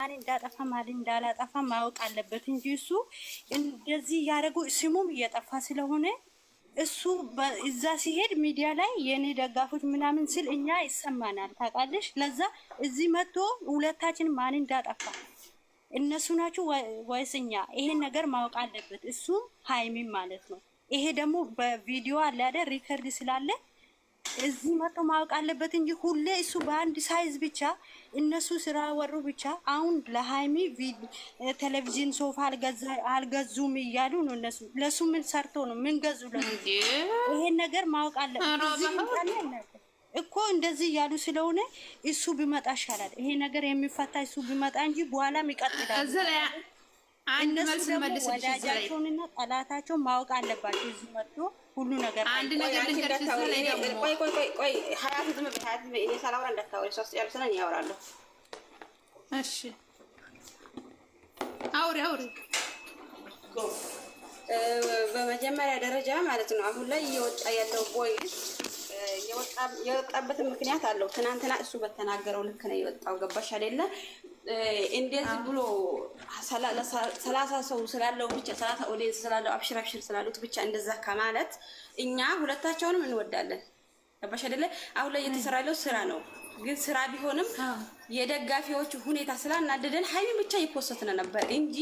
ማን እንዳጠፋ ማን እንዳላጠፋ ማወቅ አለበት እንጂ እሱ እንደዚህ ያረጉ ስሙም እየጠፋ ስለሆነ እሱ እዛ ሲሄድ ሚዲያ ላይ የኔ ደጋፎች ምናምን ስል እኛ ይሰማናል፣ ታውቃለሽ። ለዛ እዚህ መጥቶ ሁለታችን ማን እንዳጠፋ እነሱ ናችሁ ወይስ እኛ? ይሄን ነገር ማወቅ አለበት እሱ ሀይሚም ማለት ነው። ይሄ ደግሞ በቪዲዮ አለ አይደል ሪከርድ ስላለ እዚህ መጡ ማወቅ አለበት እንጂ ሁሌ እሱ በአንድ ሳይዝ ብቻ እነሱ ስራ ወሩ ብቻ። አሁን ለሀይሚ ቴሌቪዥን ሶፋ አልገዙም እያሉ ነው እነሱ። ለሱ ምን ሰርቶ ነው ምን ገዙ? ይሄን ነገር ማወቅ አለበት እኮ እንደዚህ እያሉ ስለሆነ እሱ ቢመጣ ይሻላል። ይሄ ነገር የሚፈታ እሱ ቢመጣ እንጂ በኋላም ይቀጥላል። እነሱ ደግሞ ወዳጃቸውንና ጠላታቸውን ማወቅ አለባቸው እዚህ መጥቶ ሁሉ ነገር አንድ ነገር ቆይ ቆይ ቆይ ቆይ ሀያት ዝም ሀያት ዝም እሺ አውሪ አውሪ። በመጀመሪያ ደረጃ ማለት ነው አሁን ላይ እየወጣ ያለው ቦይስ የወጣበትን ምክንያት አለው። ትናንትና እሱ በተናገረው ልክ ነው የወጣው። ገባሽ አይደለ? እንደዚህ ብሎ ሰላሳ ሰው ስላለው ብቻ ሰላሳ ኦዲየንስ ስላለው አብሽር አብሽር ስላሉት ብቻ እንደዛ ከማለት እኛ ሁለታቸውንም እንወዳለን። ገባሽ አይደለ? አሁን ላይ እየተሰራ ያለው ስራ ነው። ግን ስራ ቢሆንም የደጋፊዎቹ ሁኔታ ስላናደደን ሀይሚን ብቻ ይፖሰትነ ነበር እንጂ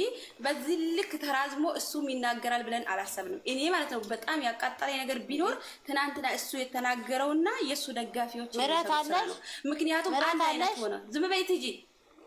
በዚህ ልክ ተራዝሞ እሱም ይናገራል ብለን አላሰብንም። እኔ ማለት ነው በጣም ያቃጠለኝ ነገር ቢኖር ትናንትና እሱ የተናገረውና የእሱ ደጋፊዎች ምክንያቱም አንድ አይነት ሆነ። ዝም በይ ትጂ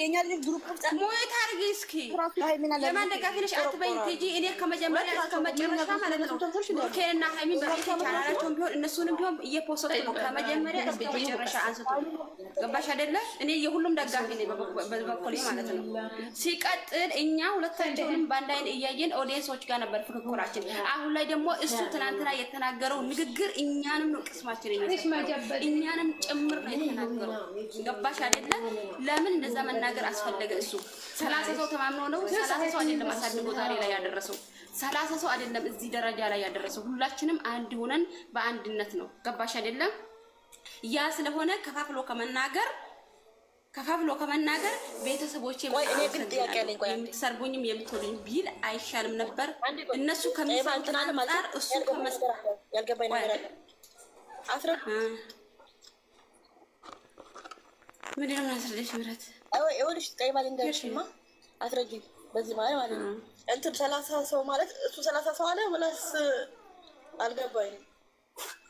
የኛ ልጅ ግሩፕ ሞት እስኪ እኔ ከመጀመሪያ ማለት ነው ሀይሚን በፊት ቻናላቸውን ቢሆን እነሱንም ቢሆን እየፖሰቱ ነው ከመጀመሪያ እስከ መጨረሻ አንስቶ ገባሽ አይደለ? እኔ የሁሉም ደጋፊ ነኝ በበኩሌ ማለት ነው። ሲቀጥል እኛ ሁለታቸውንም በአንድ አይን እያየን ኦዲየንሶች ጋር ነበር ፍክክራችን። አሁን ላይ ደግሞ እሱ ትናንትና የተናገረው ንግግር እኛንም ነው ቅስማችን እኛንም ጭምር ነው የተናገረው። ገባሽ አይደለም? ለምን እንደዛ መናገር አስፈለገ? እሱ ሰላሳ ሰው ተማምኖ ነው። ሰላሳ ሰው አይደለም አሳድጎ ዛሬ ላይ ያደረሰው። ሰላሳ ሰው አይደለም እዚህ ደረጃ ላይ ያደረሰው። ሁላችንም አንድ ሆነን በአንድነት ነው። ገባሽ አይደለም? ያ ስለሆነ ከፋፍሎ ከመናገር ከፋፍሎ ከመናገር ቤተሰቦች የምትሰርቡኝም የምትወዱኝ ቢል አይሻልም ነበር? እነሱ ከሚሰሩት አንጻር እሱ ከመስ ምን ያማስለሽ ምረት ይኸውልሽ፣ ቀይ ባል እንዳልሽማ አትረጂም። በዚህ ማለት ማለት ነው እንትን ሰላሳ ሰው ማለት እሱ ሰላሳ ሰው አለ ወላስ አልገባኝ።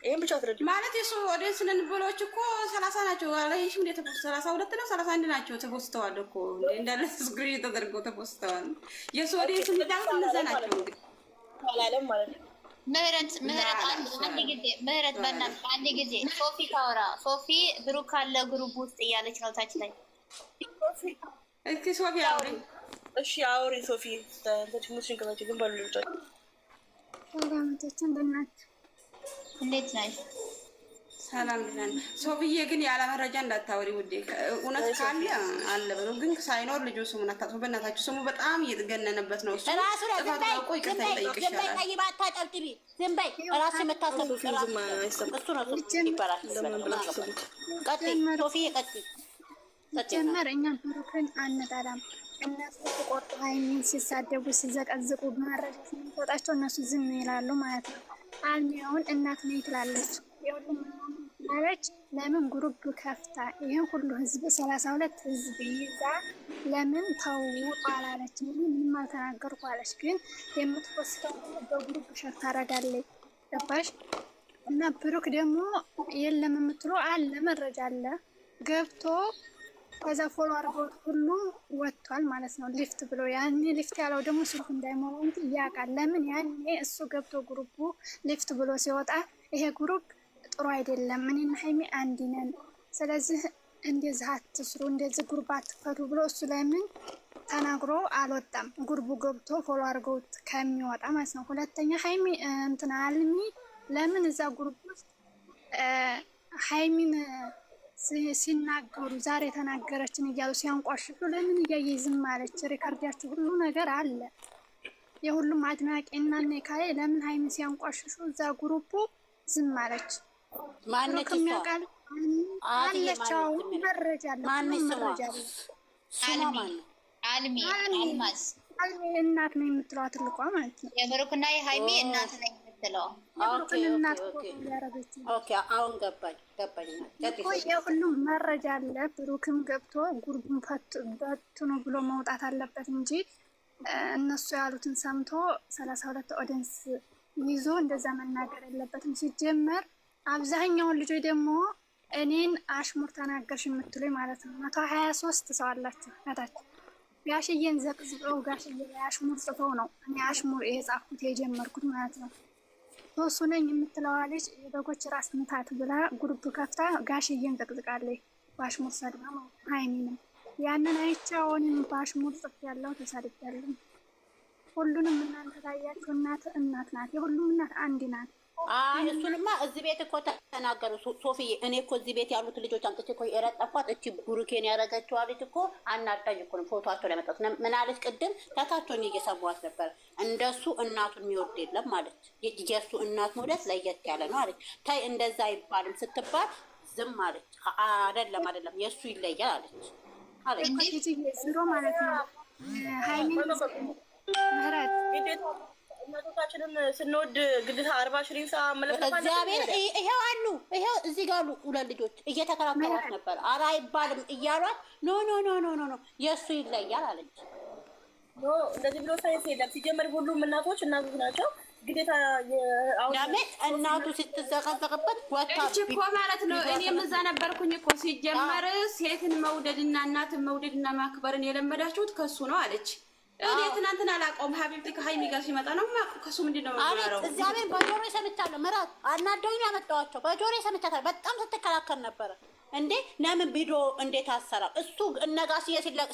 ይህም ብቻ አትረጂ ማለት የሱ ወደ ብሎች እኮ ሰላሳ ናቸው አለሽ። እንደ ተፖስ ሰላሳ ሁለት ነው ሰላሳ አንድ ናቸው ተፖስተዋል እኮ እንዳለ ስክሪን ተደርጎ ተፖስተዋል። የሱ ወደ ስንዳት እነዛ ናቸው እንግዲህ አላለም ማለት ነው ምህረት ምህረት አንድ ጊዜ ምህረት በእናትሽ አንድ ጊዜ ሶፊ ታወራ። ሶፊ ብሩክ ካለ ግሩፕ ውስጥ እያለች ነው ታች ላይ። እስኪ ሶፊ አውሪ። እሺ አውሪ ሶፊ ሙስሊም ከታች ግን በሉ ልብጫ ሰላምታችን እንዴት ናቸው? ሰላም ብለን ሰው ብዬ ግን ያለ መረጃ እንዳታወሪ ውዴ። እውነት ካለ አለ በሉ፣ ግን ሳይኖር ልጁ ስሙን አታጥፉ። በእናታችሁ ስሙ በጣም እየተገነነበት ነው። ራሱ ጀመር እኛ ብሩክን አንጠላም። እነሱ ሲቆጡ ሀይሚን ሲሳደቡ ሲዘቀዝቁ ማረጃ ስንሰጣቸው እነሱ ዝም ይላሉ ማለት ነው። አልሚያውን እናት ነኝ ትላለች። አለች። ለምን ጉሩብ ከፍታ ይህን ሁሉ ህዝብ ሰላሳ ሁለት ህዝብ ይዛ ለምን ተው አላለች? ምንም አልተናገርኩ አለች። ግን የምትወስደው በጉሩብ ሸር ታደርጋለች። ገባሽ? እና ብሩክ ደግሞ የለም የምትሉ አለ መረጃ አለ ገብቶ ከዛ ፎሎ አርጎት ሁሉ ወጥቷል ማለት ነው። ሊፍት ብሎ ያኔ ሊፍት ያለው ደግሞ ስልኩ እንዳይሞላ ያውቃል። ለምን ያኔ እሱ ገብቶ ግሩቡ ሊፍት ብሎ ሲወጣ ይሄ ግሩፕ ጥሩ አይደለም፣ እኔና ሀይሜ አንድ ነን፣ ስለዚህ እንደዚህ አትስሩ፣ እንደዚህ ጉርብ አትፈቱ ብሎ እሱ ለምን ተናግሮ አልወጣም? ጉርቡ ገብቶ ፎሎ አድርገውት ከሚወጣ ማለት ነው። ሁለተኛ ሀይሚ እንትን አልሚ ለምን እዛ ጉርብ ውስጥ ሀይሚን ሲናገሩ ዛሬ የተናገረችን እያሉ ሲያንቋሽሹ ለምን እያየ ዝም አለች? ሪከርዳችሁ ሁሉ ነገር አለ። የሁሉም አድናቂ እና ኔካዬ ለምን ሀይሚን ሲያንቋሽሹ እዛ ጉርቡ ዝም አለች? ማነች አልማዝ እናት ነው የምትለው ትልቋ ማለት ነው። የብሩክና የሀይሚ እናት ነው የምትለው አሁን ገባኝ ገባኝ። የሁሉም መረጃ አለ። ብሩክም ገብቶ ጉርጉን በትኑ ብሎ መውጣት አለበት እንጂ እነሱ ያሉትን ሰምቶ ሰላሳ ሁለት ኦዲየንስ ይዞ እንደዛ መናገር የለበትም ሲጀመር አብዛኛውን ልጆች ደግሞ እኔን አሽሙር ተናገርሽ የምትሉኝ ማለት ነው። መቶ ሀያ ሶስት ሰው አላችሁ ነታች ጋሽዬን ዘቅዝቀው ጋሽዬ አሽሙር ጽፈው ነው እኔ አሽሙር የጻፍኩት የጀመርኩት ማለት ነው። ሶሱ ነኝ የምትለዋ ልጅ የበጎች ራስ ምታት ብላ ጉርብ ከፍታ ጋሽዬን ዘቅዝቃለች በአሽሙር ሰድባ ሀይሚንም ያንን አይቻ በአሽሙር ጽፍ ያለው ተሳድጃለን። ሁሉንም እናንተ ታያችሁ። እናት እናት ናት። የሁሉም እናት አንድ ናት። አይ እሱንማ እዚህ ቤት እኮ ተናገሩ ሶፊዬ። እኔ እኮ እዚህ ቤት ያሉት ልጆች አንጥቼ እኮ የረጠፏት እቺ ብሩኬን ያደረገችዋ ልጅ እኮ አናዳኝ እኮ ነው። ፎቶቸው ላይ መጣት ምን አለች ቅድም? ከታቾኝ እየሰማኋት ነበር። እንደሱ እናቱን የሚወድ የለም አለች። የእሱ እናት መውደት ለየት ያለ ነው አለች። ተይ እንደዛ አይባልም ስትባል ዝም አለች። አደለም አደለም፣ የእሱ ይለያል አለች አለች ማለት ነው እናቶቻችንን ስንወድ ግዴታ አርባ ሽሪን ሰ ይሄው አሉ ይሄው እዚህ ጋር አሉ። ሁለት ልጆች ነበር። አይባልም እያሏት ኖ ኖ ኖ ኖ ኖ የእሱ ይለያል አለች። እንደዚህ ብሎ ሳይንስ የለም ሲጀመር ሁሉም እናቶች እናቶች ናቸው። ግዴታ እናቱ ስትዘቀዘቅበት እኮ ማለት ነው። እኔም እዛ ነበርኩኝ እኮ ሲጀመር ሴትን መውደድና እናትን መውደድና ማክበርን የለመዳችሁት ከሱ ነው አለች። ትናንትና አላውቀውም። ሀቢብቲ ከሀይሚ ጋር ሲመጣ ነው የማውቀው። ከእሱ ምንድን ነው የምናወራው? እግዚአብሔር በጆሮዬ ሰምቻለሁ። ምራት አናደውኝ ያመጣኋቸው በጆሮዬ ሰምቻታል። በጣም ስትከላከል ነበረ። እንዴ ለምን ቢዶ እንዴት አሰራም? እሱ እነጋስ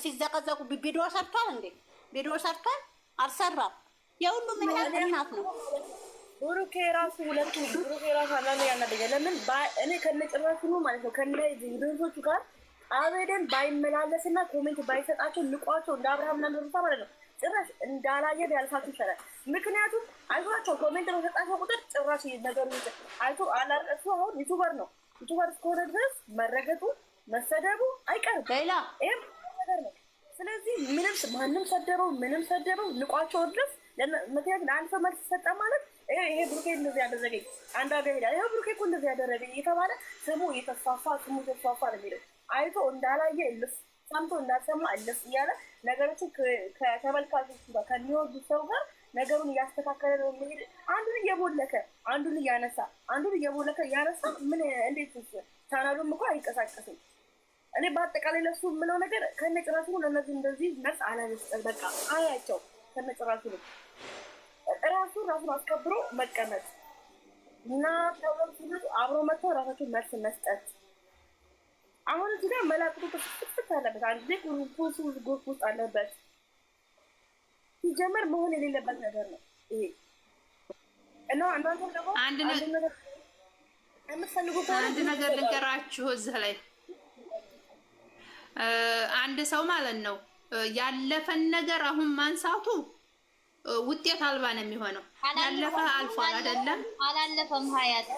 ሲዘቀዘቁ ቢዶ ሰርቷል እንዴ? ቪዲዮ ሰርቷል አልሰራም? የሁሉም ምክንያት እናት ነው። ብሩኬ ራሱ ሁለቱ ብሩኬ ራሱ አንዳንዱ ያናደኛል። ለምን እኔ ከነ ጭራሹኑ ማለት ነው ከነ ድንሶቹ ጋር አበደን ባይመላለስና ኮሜንት ባይሰጣቸው ንቋቸው እንደ አብርሃም ና ሩታ ማለት ነው። ጭራሽ እንዳላየ ያልፋችሁ ይሰራል። ምክንያቱም አይቶናቸው ኮሜንት በሰጣቸው ቁጥር ጭራሽ ነገሩ ይ አይቶ አላርቀሱ። አሁን ዩቱበር ነው። ዩቱበር እስከሆነ ድረስ መረገጡ መሰደቡ አይቀርም። ሌላ ይህም ነገር ነው። ስለዚህ ምንም ማንም ሰደበው ምንም ሰደበው ንቋቸው ድረስ ምክንያቱም ለአንድ ሰው መልስ ሰጠ ማለት ይሄ ብሩኬ እንደዚህ ያደረገኝ አንድ ሀገር ሄዳ ይሄ ብሩኬ እኮ እንደዚህ ያደረገኝ እየተባለ ስሙ እየተስፋፋ ስሙ ተስፋፋ ነው የሚለው አይቶ እንዳላየ እልፍ፣ ሰምቶ እንዳልሰማ እልፍ እያለ ነገሮችን ከተመልካቾቹ ጋር ከሚወዱ ሰው ጋር ነገሩን እያስተካከለ ነው የሚሄድ። አንዱን እየቦለከ አንዱን እያነሳ አንዱን እየቦለከ እያነሳ ምን እንዴት ቻናሉም እኮ አይንቀሳቀስም። እኔ በአጠቃላይ ለሱ የምለው ነገር ከነጭራሹ ለነዚህ እንደዚህ መልስ አለመስጠ በቃ አያቸው ከነጭራሹ ነው ራሱ ራሱን አስከብሮ መቀመጥ እና ተብሎ አብሮ መጥተው ራሳቸውን መልስ መስጠት አሁን እዚህ ጋር መላ ቁጥጥር ፍትፍት አለበት። አንድ ላይ ኮንኮንሱ ጎርፍ ውስጥ አለበት። ሲጀመር መሆን የሌለበት ነገር ነው ይሄ እና እናንተ ደግሞ አንድ ነገር አንድ ነገር ልንገራችሁ እዚህ ላይ አንድ ሰው ማለት ነው ያለፈን ነገር አሁን ማንሳቱ ውጤት አልባ ነው የሚሆነው። ያለፈ አልፏል አይደለም አላለፈም። ሀያት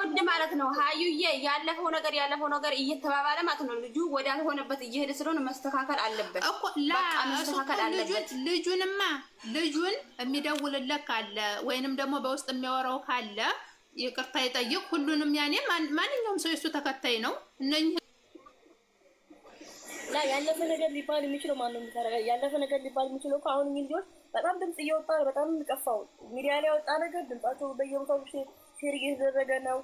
ውድ ማለት ነው ሀዩዬ፣ ያለፈው ነገር ያለፈው ነገር እየተባባለ ማለት ነው። ልጁ ወዳልሆነበት እየሄደ ስለሆነ መስተካከል አለበት እኮ መስተካከል አለበት። ልጁንማ ልጁን የሚደውልለት ካለ ወይንም ደግሞ በውስጥ የሚያወራው ካለ ይቅርታ ይጠይቅ። ሁሉንም ያኔ ማንኛውም ሰው የሱ ተከታይ ነው እነህ ያለፈ ነገር ሊባል የሚችለው ማነው? ያለፈ ነገር ሊባል የሚችለው አሁን ልጆች በጣም ድምፅ እየወጣ ነው። በጣም ቀፋው ሚዲያ ላይ ያወጣ ነገር ድምጻቸው በየቦታው ሼር እየተደረገ ነው፣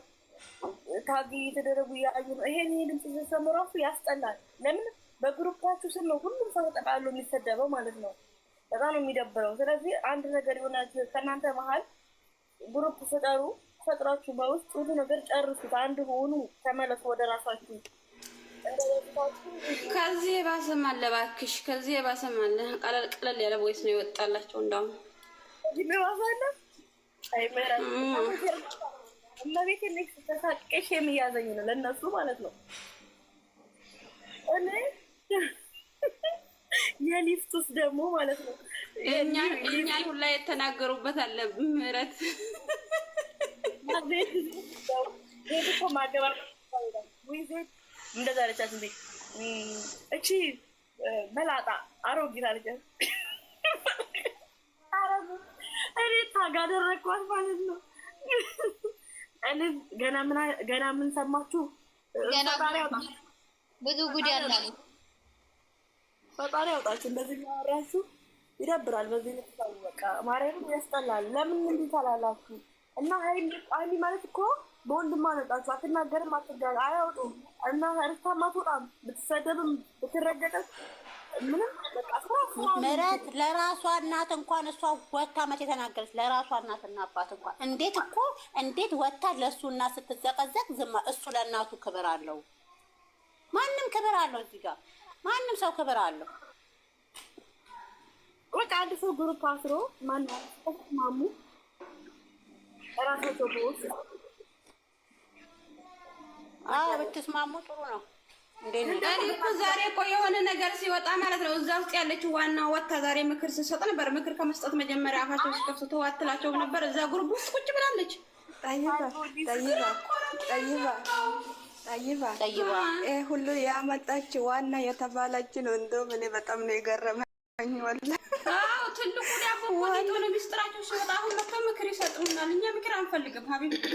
ታግ እየተደረጉ እያዩ ነው። ይሄን ይሄ ድምፅ ሲሰሙ ራሱ ያስጠላል። ለምን በግሩፓችሁ ስም ነው ሁሉም ሰው ተጠቃሎ የሚሰደበው ማለት ነው። በጣም ነው የሚደብረው። ስለዚህ አንድ ነገር የሆነ ከእናንተ መሀል ግሩፕ ፍጠሩ። ፈጥራችሁ በውስጥ ሁሉ ነገር ጨርሱት። አንድ ሆኑ፣ ተመለሱ ወደ ራሳችሁ። ከዚህ የባሰም አለ እባክሽ፣ ከዚህ የባሰም አለ። ቀለል ቀለል ያለ ቦይስ ነው የወጣላቸው። እንዳሁን እመቤት ተሳቅቄሽ የሚያዘኝ ነው ለእነሱ ማለት ነው። እኔ የሊፍት ውስጥ ደግሞ ማለት ነው እኛን ሁላ የተናገሩበት አለ ምህረት ዜት እኮ ማገባ እንደዛ አለቻት። እንዴ እቺ መላጣ አሮጊት አለቻት። እኔ ታግ ማለት ነው። እኔ ገና ምን ሰማችሁ? ብዙ ጉድ ያለ ፈጣሪ ያውጣችሁ። እንደዚህ ያወራችሁ ይደብራል። በዚህ ልትታወቅ በቃ ማርያምን ያስጠላል። ለምን እንዲህ ታላላችሁ? እና ሀይሚ ማለት እኮ በወንድማ ነጣችሁ አትናገርም፣ አትጋ አያወጡም እና እርታማ አትወጣም። ብትሰደብም ብትረገጠት ምንም ምረት ለራሷ እናት እንኳን እሷ ወታ መቼ ተናገረች? ለራሷ እናት እና አባት እንኳን እንዴት እኮ እንዴት ወታ ለእሱ እናት ስትዘቀዘቅ ዝማ እሱ ለእናቱ ክብር አለው። ማንም ክብር አለው። እዚህ ጋር ማንም ሰው ክብር አለው። በቃ አንድ ሰው ግሩፕ አስሮ ማንም ማሙ ራሳቸው በውስጥ አዎ ብትስማሙ ጥሩ ነው። እኔ እኮ ዛሬ እኮ የሆነ ነገር ሲወጣ ማለት ነው እዛ ውስጥ ያለችው ዋና ወታ ዛሬ ምክር ስትሰጥ ነበር። ምክር ከመስጠት መጀመሪያ አፋቸው ሲከፍቱ ተዋትላቸው ነበር። እዛ ጉርብ ውስጥ ቁጭ ብላለች። ጠይባ ይህ ሁሉ ያመጣች ዋና የተባለች ነው። እንደውም እኔ በጣም ነው የገረመኝ። ወላሂ ትልቁ ዳቦ ሆነ ሚስጥራቸው ሲወጣ ሁሉ ምክር ይሰጡናል። እኛ ምክር አንፈልግም፣ ሀቢብ ምክር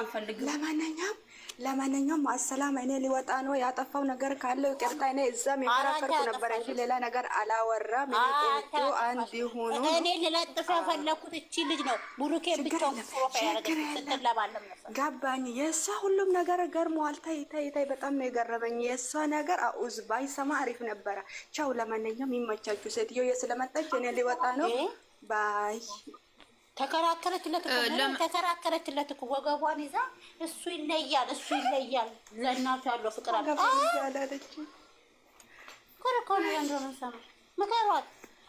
አንፈልግም። ለማንኛውም ለማንኛውም አሰላም። እኔ ሊወጣ ነው። ያጠፋው ነገር ካለው ይቅርታ። እኔ እዛም የከራከርኩ ነበር እንጂ ሌላ ነገር አላወራም። ቆንጆ አንድ ሆኖ እኔ ልለጥፈ የፈለኩት እቺ ልጅ ነው ቡሩኬ ብቻው ገባኝ። የእሷ ሁሉም ነገር ገርሞዋል። ታይ ታይ ታይ፣ በጣም ነው የገረመኝ የእሷ ነገር። አኡዝ ባይሰማ አሪፍ ነበረ። ቻው። ለማንኛውም ይመቻችሁ። ሴትዮ የስለመጣች እኔ ሊወጣ ነው። ባይ ተከራከረችለት ተከራከረችለት እኮ ወገቧን ይዛ እሱ ይለያል እሱ ይለያል ለእናቱ ያለው ፍቅር አለ ኮረኮነ ያንዶን ሰማ ምከሯት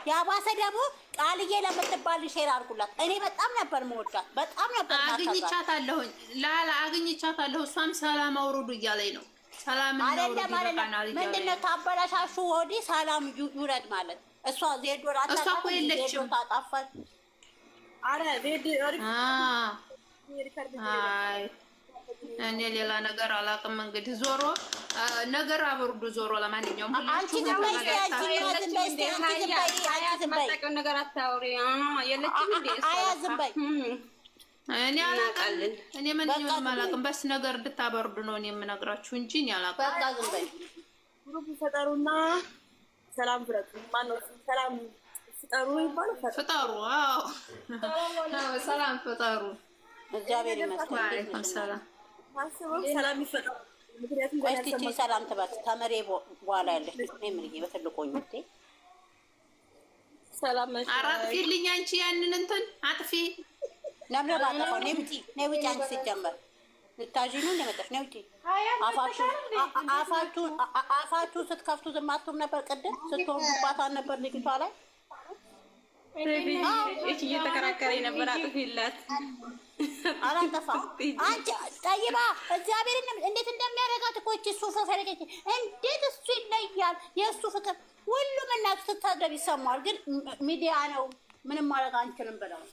ያባሰ ደግሞ ቃልዬ ለምትባል ሼር አድርጉላት እኔ በጣም ነበር መወዳት በጣም ነበር አግኝቻታለሁኝ ላላ አግኝቻታለሁ እሷም ሰላም አውርዱ እያለኝ ነው ሰላም አይደለም አይደለም ምንድን ነው ታበላሻሹ ወዲህ ሰላም ይውረድ ማለት እሷ ዜዶ ራታ እሷ እኮ የለችም ታጣፋት እኔ ሌላ ነገር አላውቅም። እንግዲህ ዞሮ ነገር አበርዱ። ዞሮ ለማንኛውም እኔ አላውቅም። እኔ ማንኛውም አላውቅም። በስ ነገር ብታበርዱ ነው እኔ የምነግራችሁ እንጂ እኔ አላውቅም። በቃ ዝም ሰላም ፍረጡ። ማነው ሰላም ፍጠሩ ይባላል። ፍጠሩ አዎ፣ ሰላም ፍጠሩ። እግዚአብሔር ይመስገን። ሰላም ታስበው ሰላም ይፈጠሩ። ምክንያቱም ሰላም ተመሬ በኋላ ያለች እኔ በትልቆኝ እንዴ ሰላም አጥፊልኝ አንቺ ያንን እንትን አጥፊ ለምን አፋችሁ ስትከፍቱ ዝም አትሉም ነበር። ቅድም ስትሆኑባት ነበር ልጅቷ ላይ እየተከራከረ የነበረ አጥፊላት አላጠፋም። አንቺ ጠይባ እግዚአብሔርን እንዴት እንደሚያደርጋት እኮ እቺ እሱ ፍቅር እንዴት እሱ ይለያል። የእሱ ፍቅር ሁሉም እናቱ ስታደብ ይሰማል። ግን ሚዲያ ነው ምንም ማድረግ አንችልም ብለው